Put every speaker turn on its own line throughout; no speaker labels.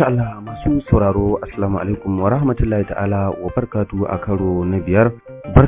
Masha Allah masu sauraro Assalamu alaikum wa rahmatullahi ta'ala wa barkatu a karo na biyar.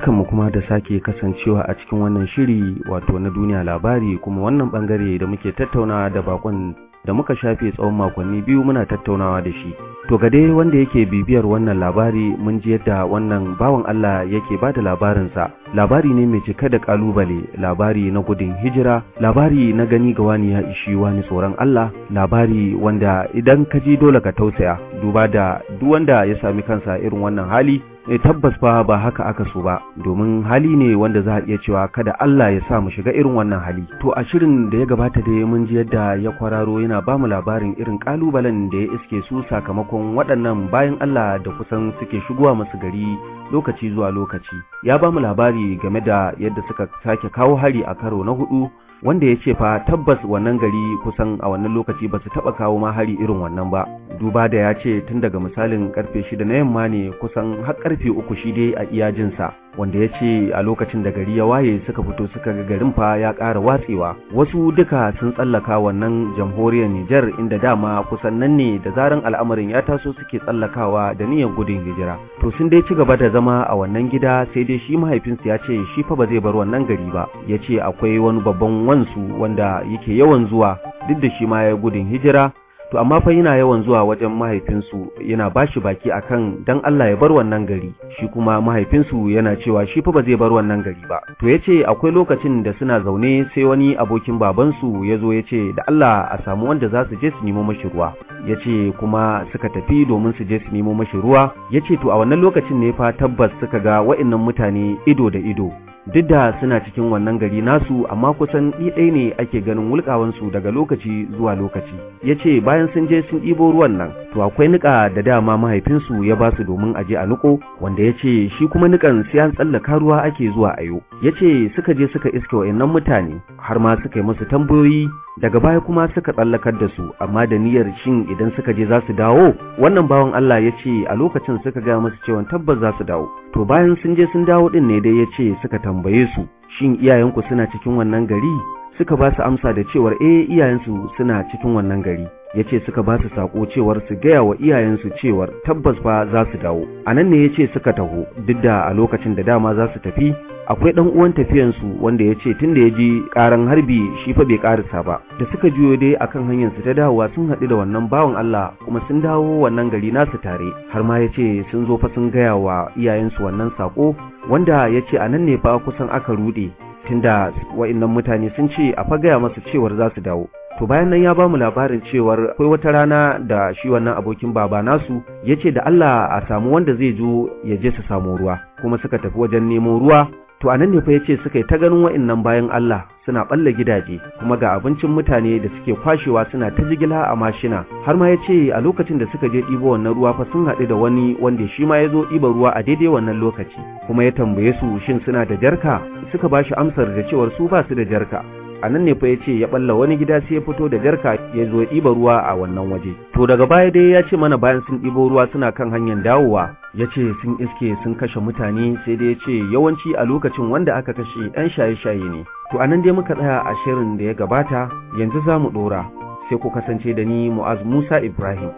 mu kuma da sake kasancewa a cikin wannan shiri wato na duniya labari kuma wannan bangare da muke tattauna da bakon da muka shafe tsawon makonni biyu muna tattaunawa da shi to ga dai wanda yake bibiyar wannan labari mun ji yadda wannan bawan Allah yake ba da labarinsa labari ne mai cika da ƙalubale. labari na gudun hijira labari na gani ga wani ya ishi wani tsoron Allah labari wanda idan ka ji dole ka tausaya duba da duk wanda ya sami kansa irin wannan hali e tabbas fa ba haka aka so ba domin hali ne wanda za a iya cewa kada Allah ya sa mu shiga irin wannan hali to a shirin da ya gabata dai mun ji yadda ya kwararo yana ba mu labarin irin kalubalen da ya iske su sakamakon waɗannan bayan Allah da kusan suke shigowa masu gari lokaci zuwa lokaci ya ba mu labari game da yadda suka sake kawo hari a karo na hudu wanda ya ce fa tabbas wannan gari kusan a wannan lokaci ba su taɓa kawo ma hari irin wannan ba duba da ya ce tun daga misalin karfe shida na yamma ne kusan har karfe uku shi dai a iyajinsa. wanda ya ce a lokacin da gari ya waye suka fito suka ga garin fa ya ƙara watsewa wasu duka sun tsallaka wannan jamhuriyar Nijar inda dama kusan nan ne da zaran al'amarin ya taso suke tsallakawa da niyyar gudun hijira to sun dai ci gaba da zama a wannan gida sai dai shi mahaifinsu ya ce shi fa ba zai bar wannan gari ba ya ce akwai wani babban wansu wanda yake yawan zuwa duk da shi ma ya gudun hijira to amma fa yana yawan zuwa wajen mahaifinsu yana bashi baki akan dan Allah ya bar wannan gari shi kuma mahaifinsu yana cewa shi fa ba zai bar wannan gari ba to yace akwai lokacin da suna zaune sai wani abokin babansu ya zo yace da Allah a samu wanda za su je su nemo mashi ruwa yace kuma suka tafi domin su je su nemo mashi ruwa yace to a wannan lokacin ne fa tabbas suka ga wa'annan mutane ido da ido duk da suna cikin wannan gari nasu amma kusan ɗiɗai ne ake ganin wulƙawansu daga lokaci zuwa lokaci ya ce bayan sun je sun ɗibo ruwan nan to akwai niƙa da dama mahaifinsu ya ba su domin aje a niƙo wanda ya ce shi kuma niƙan sai an tsallaka ruwa ake zuwa ayo ya ce suka je suka iske wa'annan mutane har ma suka yi musu tambayoyi daga baya kuma suka tsallakar da su amma da niyyar shin idan suka je za su dawo wannan bawan Allah ya ce a lokacin suka gaya masu cewa tabbas za su dawo to bayan sun je sun dawo din ne dai ya ce suka tambaye su shin iyayenku suna cikin wannan gari suka ba su amsa da cewar eh iyayensu suna cikin wannan gari ya ce suka ba su saƙo cewar su gaya wa iyayensu cewar tabbas fa za su dawo a nan ne ya ce suka taho duk da a lokacin da dama za su tafi akwai dan uwan tafiyansu wanda ya ce tunda ya ji karan harbi shi fa bai karisa ba da suka juyo dai akan hanyar su ta dawowa sun haɗu da wannan bawan Allah kuma sun dawo wannan gari nasu tare har ma ya ce sun zo fa sun gaya wa iyayensu wannan sako wanda ya ce a nan ne fa kusan aka ruɗe tunda wa'innan mutane sun ce a fa gaya masu cewar za su dawo to bayan nan ya ba mu labarin cewar akwai wata rana da shi wannan abokin baba nasu ya ce da Allah a samu wanda zai zo ya je su samu ruwa kuma suka tafi wajen nemo ruwa to anan ne fa yace suka yi ta ganin wa'annan bayan Allah suna balle gidaje kuma ga abincin mutane da suke kwashewa suna ta jigila a mashina har ma yace a lokacin da suka je ɗibo wannan ruwa fa sun haɗu da wani wanda shi ma ya zo ɗiba ruwa a daidai wannan lokaci kuma ya tambaye su shin suna da jarka suka ba shi amsar da cewar su ba su da jarka a nan ne fa ya ce ya balla wani gida sai ya fito da jarka ya zo ya ɗiba ruwa a wannan waje to daga baya dai ya ce mana bayan sun ɗibo ruwa suna kan hanyar dawowa ya ce sun iske sun kashe mutane sai dai ya ce yawanci a lokacin wanda aka kashe 'yan shaye-shaye ne to a nan dai muka tsaya a shirin da ya gabata yanzu za mu ɗora sai ku kasance da ni mu'az musa ibrahim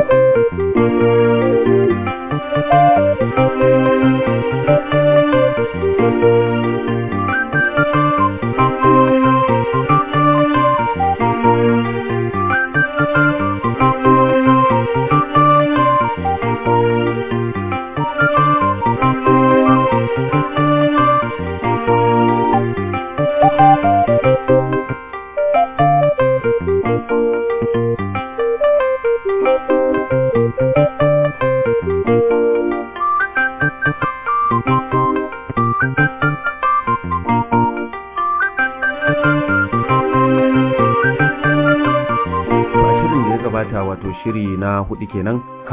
thank you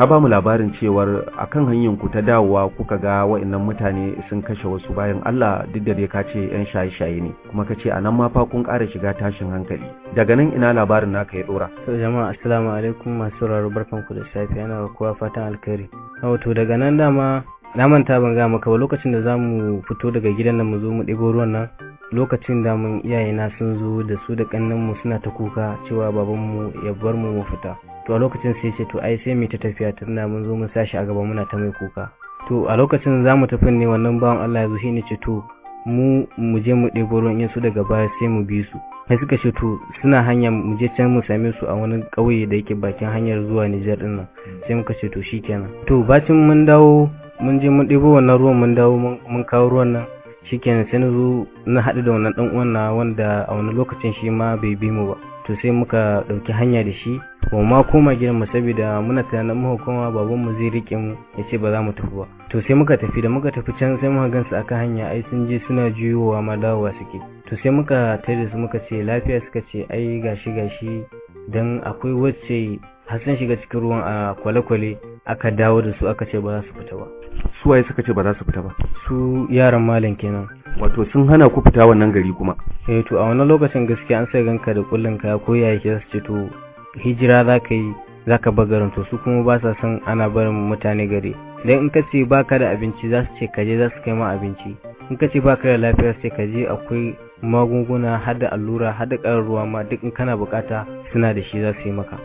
ba mu labarin cewar akan hanyar ku ta dawowa kuka ga wa'annan mutane sun kashe wasu bayan Allah duk da dai ka ce yan shaye-shaye ne kuma ka ce anan ma fa kun ƙara shiga tashin hankali daga nan ina labarin naka ya dora
to jama'a assalamu alaikum masu sauraro ku da safiya ga kowa fatan alkhairi wato daga nan dama na manta ban ga maka ba lokacin da zamu fito daga gidan nan mu zo mu ɗigo ruwan nan lokacin da mun iyayena sun zo da su da mu suna ta kuka cewa babanmu ya bar mu mu fita to a lokacin sai ce to ai sai mu ta tafiya tunda mun zo mun sashi a gaba muna ta mai kuka to a lokacin za mu tafi ne wannan bawan Allah ya zo shi ne ce to mu mu je mu ɗebo ruwan yin su daga baya sai mu bi su sai suka ce to suna hanya mu je can mu same su a wani ƙauye da yake bakin hanyar zuwa Nijar din nan sai muka ce to shikenan to bacin mun dawo mun je mun ɗebo wannan ruwan mun dawo mun kawo ruwan nan shikenan sai na zo na haɗu da wannan ɗan uwan na wanda a wani lokacin shi ma bai bi mu ba to sai muka ɗauki hanya da shi ba ma koma gidanmu saboda muna tunanin muka koma baban mu zai rike mu ya ce ba za mu tafi ba to sai muka tafi da muka tafi can sai muka gansu akan hanya ai sun je suna juyowa ma dawowa suke to sai muka tare su muka ce lafiya suka ce ai gashi gashi dan akwai wacce har sun shiga cikin ruwan a kwale-kwale aka dawo da su aka ce ba za su fita ba su waye suka ce ba za su fita ba su yaran malam kenan
wato sun hana ku fita wannan gari kuma
eh to a wannan lokacin gaskiya an sai ganka da kullun ka ko yaya ke su ce to hijira za ka yi za ka garin to su kuma ba sa son ana barin mutane gari don in ka ce ba ka da abinci za su ce ka je za su kai ma abinci in ka ce ba ka da lafiya sai ka je akwai magunguna har da allura har da ƙarin ruwa ma duk in kana bukata suna da shi za su yi maka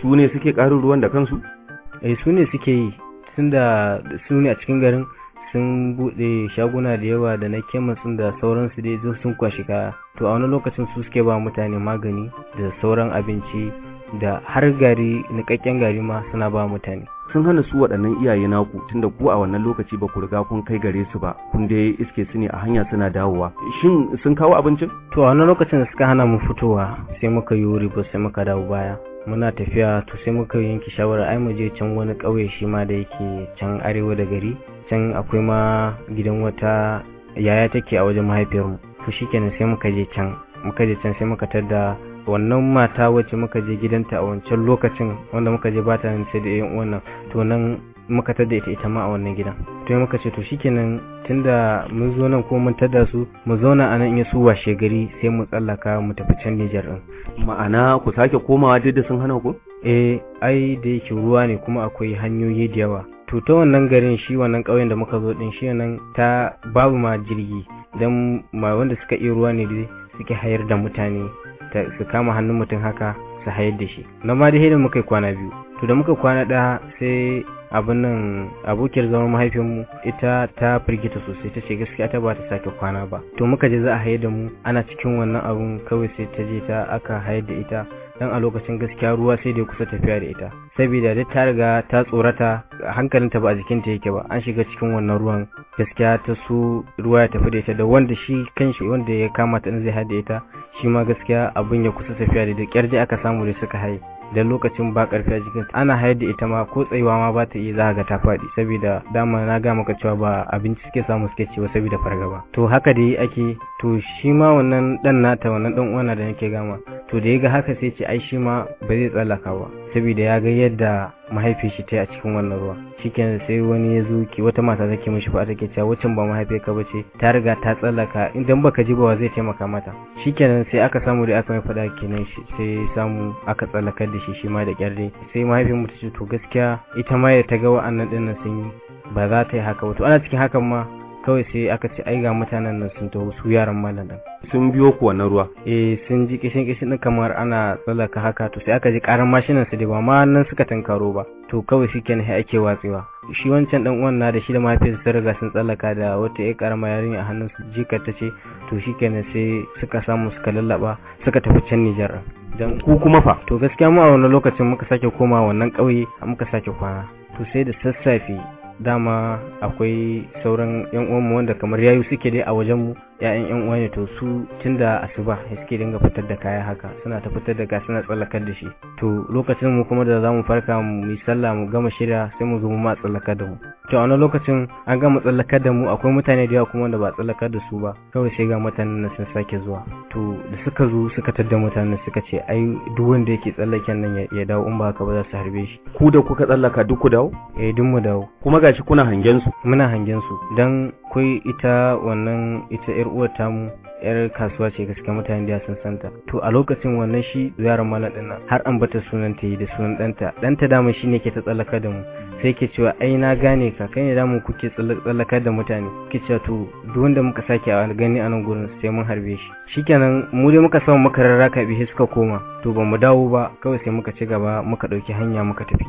su ne suke ƙarin ruwan da kansu eh su ne suke yi tunda su ne a cikin garin sun buɗe shaguna da yawa da na kemasin da sauransu dai sun kwashi kaya to a wani lokacin su suke ba mutane magani da sauran abinci da har gari nikakken gari ma suna ba mutane
sun hana su waɗannan iyaye naku tunda ku a wannan lokaci ba ku riga kun kai gare su ba kun dai iske su ne a hanya suna dawowa
shin sun kawo abincin to a wannan lokacin da suka hana mu fitowa sai muka yi wuri ba sai muka dawo baya muna tafiya to sai muka yanke shawarar ai mu je can wani ƙauye shi ma da yake can arewa da gari can akwai ma gidan wata yaya take a wajen mahaifiyarmu to shikenan sai muka je can muka je can sai muka tada wannan mata wacce muka je gidanta a wancan lokacin wanda muka je bata nan sai da yan uwan nan to nan muka tada ita ita ma a wannan gidan to muka ce to shikenan tunda mun zo nan ko mun tada su mu zauna a nan in su washe gari sai mu tsallaka mu tafi can Niger din ma'ana ku sake komawa duk da sun hana ku eh ai da yake ruwa ne kuma akwai hanyoyi da yawa to ta wannan garin shi wannan ƙauyen da muka zo din shi nan ta babu ma jirgi dan ma wanda suka iya ruwa ne dai suke hayar da mutane su kama hannun mutum haka su hayar da shi na ma da hidin muka kwana biyu to da muka kwana ɗaya sai abin nan abokiyar zaman mahaifinmu ita ta firgita sosai ta ce gaskiya ta ba ta sake kwana ba to muka je za a hayar da mu ana cikin wannan abun kawai sai ta je ta aka hayar da ita dan a lokacin gaskiya ruwa sai da kusa tafiya da ita saboda da ta riga ta tsorata hankalinta ba a jikin ta yake ba an shiga cikin wannan ruwan gaskiya ta su ruwa ya tafi da ita da wanda shi kanshi wanda ya kama ta zai haɗa ita shi ma gaskiya abin ya kusa tafiya da da kyar aka samu da suka haye da lokacin ba karfi a jikin ana hayar da ita ma ko tsayuwa ma ba ta iya za ga ta faɗi saboda dama na ga maka cewa ba abinci suke samu suke ci ba saboda fargaba to haka dai ake to shi ma wannan dan nata wannan dan uwana da nake gama to da ya ga haka sai ce ai shi ma ba zai tsallaka ba saboda ya ga yadda mahaifin shi ta yi a cikin wannan ruwa cikin sai wani ya zo ki wata mata take mishi fa take cewa wacin ba mahaifiyar ka bace ta riga ta tsallaka idan baka ji ba wa zai taimaka mata shikenan sai aka samu da aka mai fada kenan sai samu aka tsallakar da shi shi ma da kyarre sai mahaifin mu ta to gaskiya ita ma ta ga wa'annan dinnan sun yi ba za ta yi haka ba to ana cikin hakan ma kawai sai aka ce ai ga mutanen nan sun taho su yaran malam din sun biyo ku wannan ruwa eh sun ji kishin kishin din kamar ana tsallaka haka to sai aka ji karan mashinan su da ba ma nan suka tankaro ba to kawai shi kenan sai ake watsewa shi wancan dan uwan na da shi da mafi sun riga sun tsallaka da wata ya karama yarinya a hannun su jikar ta ce to shi kenan sai suka samu suka lallaba suka tafi can Nijar dan ku kuma fa to gaskiya mu a wannan lokacin muka sake koma wannan ƙauye muka sake kwana to sai da sassafe dama akwai sauran yan uwanmu wanda kamar yayu suke dai a wajenmu 'ya'yan yan uwa ne to su tun da asuba suke dinga fitar da kaya haka suna ta fitar da kaya suna tsallakar da shi to lokacin mu kuma da za mu farka mu yi sallah mu gama shirya sai mu zo mu ma tsallakar da mu to a wani lokacin an gama tsallakar da mu akwai mutane da yawa kuma da ba tsallakar da su ba kawai sai ga mutanen nan sun sake zuwa to da suka zo suka tadda mutanen suka ce ai duk wanda yake tsallaken nan ya dawo in ba haka ba za su harbe shi ku da kuka tsallaka duk ku dawo eh duk mu dawo kuma gashi kuna hangen su muna hangen su dan akwai ita wannan ita yar uwar tamu yar kasuwa ce gaskiya mutane da sun santa to a lokacin wannan shi yaran malam din nan har bata sunan ta yi da sunan danta danta dama shine ke ta tsallaka da mu sai ke cewa ai na gane ka kai ne damu kuke tsallaka da mutane ke cewa to duk wanda muka sake a gani anan gurin sai mun harbe shi shikenan mu dai muka samu muka rarraka bihi suka koma to ba mu dawo ba kawai sai muka ci gaba muka dauki hanya muka tafi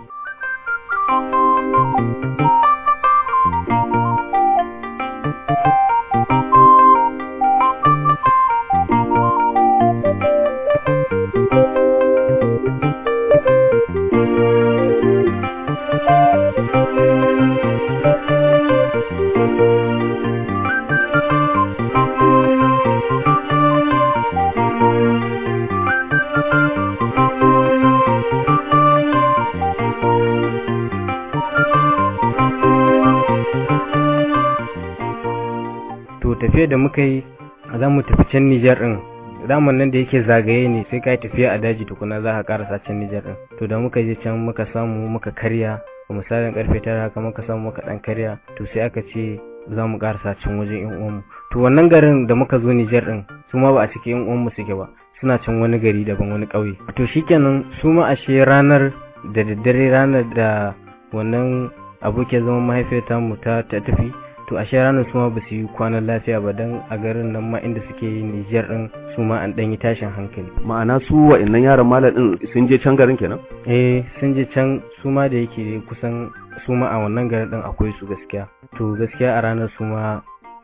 can Nijar ɗin daman nan da yake zagaye ne sai ka yi tafiya a daji tukuna za ka karasa can Nijar ɗin to da muka je can muka samu muka karya a misalin karfe tara haka muka samu muka ɗan karya to sai aka ce za mu karasa can wajen yan uwanmu to wannan garin da muka zo Nijar ɗin su ma ba a cikin yan uwanmu suke ba suna can wani gari daban wani ƙauye to shikenan su ma ashe ranar da daddare ranar da wannan abokin zaman mahaifiyar mu ta tafi to a ranar su ma ba su yi kwanan lafiya ba don a garin nan ma inda suke yi Nijar din su ma an dan yi tashin hankali
ma'ana su wa'annan yaran malam din sun je can garin kenan
eh sun je can su ma da yake kusan su ma a wannan garin din akwai su gaskiya to gaskiya a ranar su ma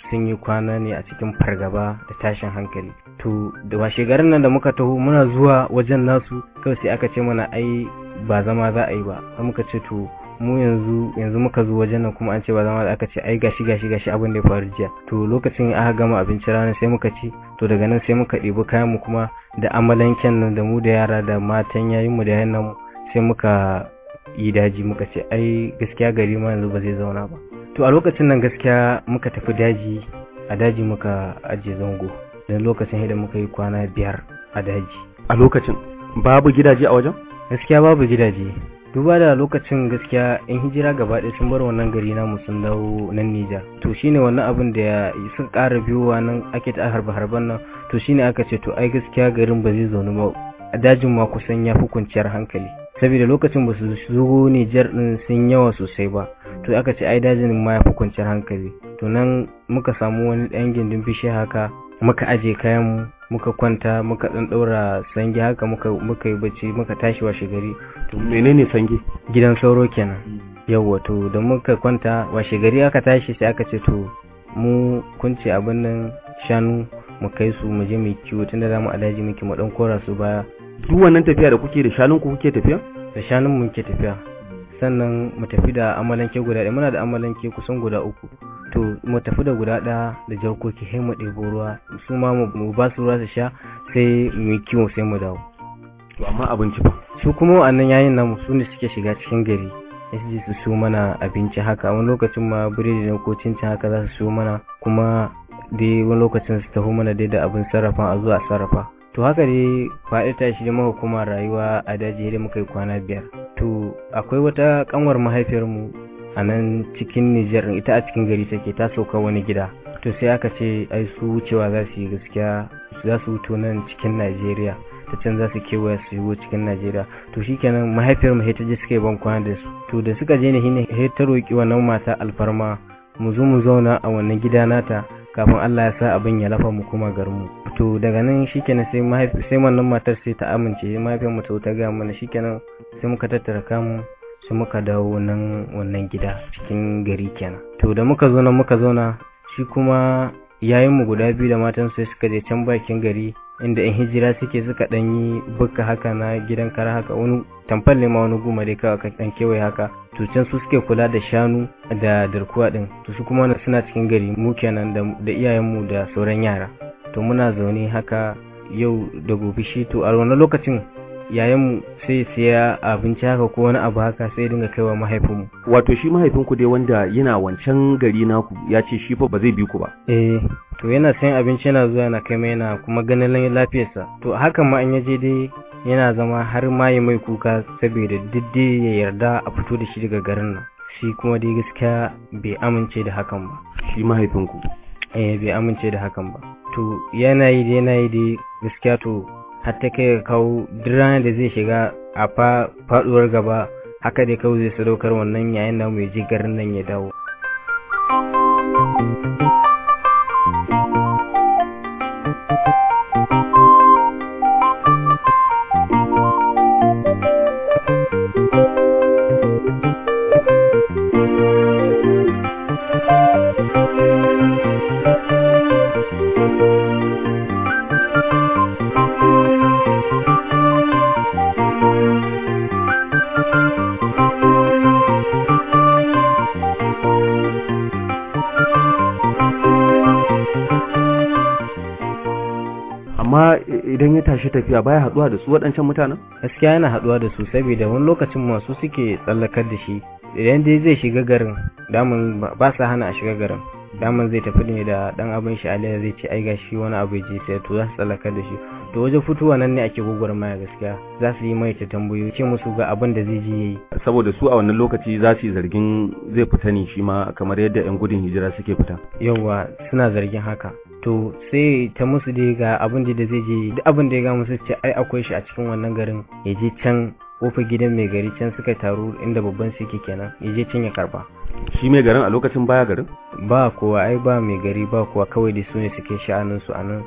sun yi kwana ne a cikin fargaba da tashin hankali to da washe garin nan da muka taho muna zuwa wajen nasu kawai sai aka ce mana ai ba zama za a yi ba muka ce to mu yanzu yanzu muka zo wajen nan kuma an ce ba zama da aka ce ai gashi gashi gashi abin da ya faru jiya to lokacin aka gama abinci rana sai muka ci to daga nan sai muka ɗebi kayan mu kuma da amalanken nan da mu da yara da matan yayin mu da yayin nan sai muka yi daji muka ce ai gaskiya gari ma yanzu ba zai zauna ba to a lokacin nan gaskiya muka tafi daji a daji muka ajiye zango don lokacin hidda muka yi kwana biyar a daji a lokacin babu gidaje a wajen gaskiya babu gidaje duba da lokacin gaskiya in hijira gaba ɗaya sun bar wannan gari na sun dawo nan Nijar to shine wannan abin da suka ƙara biyowa nan ake ta harba harban nan to shine aka ce to ai gaskiya garin ba zai zaune ba a dajin ma kusan ya fi kwanciyar hankali saboda lokacin ba su zo Nijar din sun yawa sosai ba to aka ce ai dajin ma ya fi kwanciyar hankali to nan muka samu wani ɗan gindin bishiya haka muka aje kayan mu muka kwanta muka dan daura sange haka muka muka yi bacci muka tashi washe gari to menene sange gidan sauro kenan yawwa to da muka kwanta washe gari aka tashi sai aka ce to mu kunce abin nan shanu mu kai su mu je mu kiwo tunda zamu alaji daji muke mu dan kora su baya duk wannan tafiya da kuke da shanun ku kuke tafiya da shanun mu muke tafiya sannan mu tafi da amalanke guda ɗaya muna da amalanke kusan guda uku to mu tafi da guda ɗaya da jarkoki sai mu ɗebo ruwa su ma mu ba su ruwa su sha sai mu yi kiwo sai mu dawo to amma abinci ba su kuma wa'annan yayin namu su ne suke shiga cikin gari sai su so mana abinci haka wani lokacin ma biredi da ko cincin haka za su so mana kuma dai wani lokacin su taho mana dai da abin sarrafa a zuwa sarrafa to haka dai faɗi ta shi muka kuma rayuwa a daji da muka yi kwana biyar to akwai wata kanwar mahaifiyarmu a nan cikin Nijar ita a cikin gari take ta sauka wani gida to sai aka ce ai su wucewa za su yi gaskiya za su wuto nan cikin Najeriya ta can za su kewaya su yiwo cikin Najeriya to shikenan mahaifiyar mu ta je suka yi ban kwana da su to da suka je ne hine ta roki wannan mata alfarma mu zo mu zauna a wannan gida nata kafin Allah ya sa abin ya lafa mu kuma garmu to daga nan shikenan sai mahaifi sai wannan matar sai ta amince mahaifiyar mu ta ga mana shikenan sai muka tattara kamun. sai muka dawo nan wannan gida cikin gari kenan to da muka zo nan muka zauna shi kuma yayin mu guda biyu da matan sai suka je can bakin gari inda in hijira suke suka ɗan yi bukka haka na gidan kara haka wani tamfar ne ma wani goma dai kawai ka dan kewaye haka to can su suke kula da shanu da darkuwa din to su kuma suna cikin gari mu kenan da iyayen mu da sauran yara to muna zaune haka yau da gobe shi to a wannan lokacin yayanmu sai siya abinci haka ko wani abu haka sai dinga kaiwa mahaifinmu
wato shi mahaifinku dai wanda yana wancan gari naku ya ce shi fa ba zai bi ku ba
eh to yana sayan abinci yana zuwa yana kai mai yana kuma ganin lafiyarsa to hakan ma an ya je dai yana zama har ma ya mai kuka saboda diddi ya yarda a fito da shi daga garin nan shi kuma dai gaskiya bai amince da hakan ba
shi mahaifinku
eh bai amince da hakan ba to yana yi dai yana yi dai gaskiya to har ta kai kawo duk ranar da zai shiga a faduwar gaba haka dai kawai zai sadaukar wannan yayin da mu ji garin nan ya dawo tafiya baya haduwa da su waɗancan mutanen gaskiya yana haduwa da su saboda wani lokacin masu suke tsallakar da shi idan dai zai shiga garin daman ba sa hana a shiga garin daman zai tafi ne da dan abin shi alaiya zai ce ai gashi wani abu ji sai to za su tsallakar da shi to wajen fitowa nan ne ake gwagwarmaya gaskiya za su yi mai ta tambayoyi ce musu ga abin da zai ji yi.
saboda su a wannan lokaci za su yi zargin zai fita ne shi ma kamar yadda yan gudun hijira suke fita
yawa suna zargin haka to sai ta musu dai ga abin da zai je duk abin da ya ga musu ce ai akwai shi a cikin wannan garin ya je can kofa gidan mai gari can suka taru inda babban suke kenan ya je can ya karba shi mai garin a lokacin baya garin ba kowa ai ba mai gari ba kowa kawai da su ne suke sha'anin su anan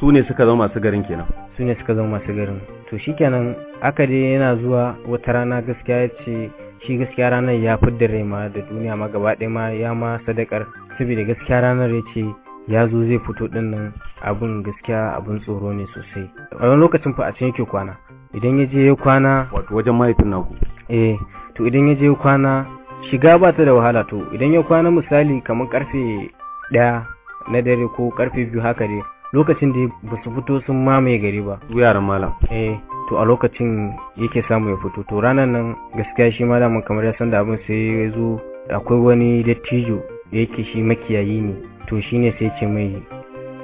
su ne suka zama masu garin kenan su ne suka zama masu garin to shi kenan aka dai yana zuwa wata rana gaskiya ya ce shi gaskiya ranar ya fidda rai ma da duniya ma gaba ɗaya ma ya ma sadakar saboda gaskiya ranar ya ce ya zo zai fito din nan abun gaskiya abun tsoro ne sosai a wani lokacin fa a can yake kwana idan ya je ya kwana wato wajen mahaifin naku eh to idan ya je ya kwana shiga ba ta da wahala to idan ya kwana misali kamar karfe ɗaya na dare ko karfe biyu haka dai lokacin da ba su fito sun mamaye gari ba yaran malam eh to a lokacin yake samu ya fito to ranar nan gaskiya shi malamin kamar ya san da abin sai ya zo akwai wani dattijo da yake shi makiyayi ne to shi ne sai ce mai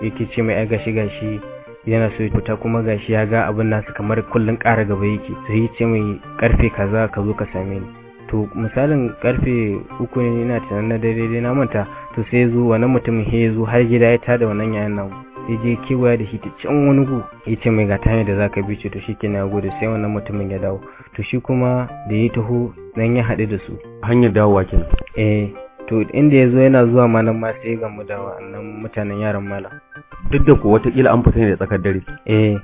yake ce mai gashi gashi yana so fita kuma gashi ya ga abin nasu kamar kullun ƙara gaba yake sai ce mai karfe kaza ka zo ka same ni to misalin karfe uku ne na tunanin na daidai na manta to sai ya zo wannan mutumin ya zo har gida ya tada wannan yayan nan ya je kewaya da shi ta can wani gu ya ce mai gata ne da za ka bi ce to shi ke na gode sai wannan mutumin ya dawo to shi kuma da ya taho nan ya haɗu da su hanyar dawowa kenan eh to inda ya zo yana zuwa nan ma sai gamu da wannan mutanen yaran mala. duk da ku watakila an fita ne da tsakar dare eh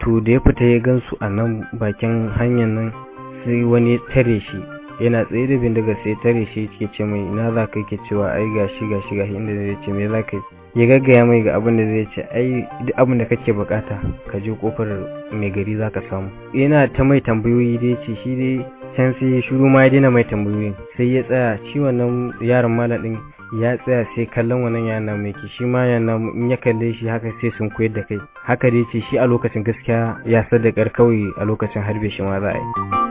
to da ya fita ya gansu a nan bakin hanyar nan sai wani tare shi yana tsaye da bindiga sai tare shi yake ce mai ina za ka yake cewa ai gashi gashi gashi inda zai ce me za ka yi ya gaggaya mai ga abin da zai ce ai duk abin da kake bukata ka je kofar mai gari za ka samu yana ta mai tambayoyi dai ce shi dai can sai shiru ma ya daina mai tambayoyin sai ya tsaya shi wannan yaron malam din ya tsaya sai kallon wannan yana mai ke shi ma yana in ya kalle shi haka sai sun koyar da kai haka dai ce shi a lokacin gaskiya ya sadakar kawai a lokacin harbe shi ma za a yi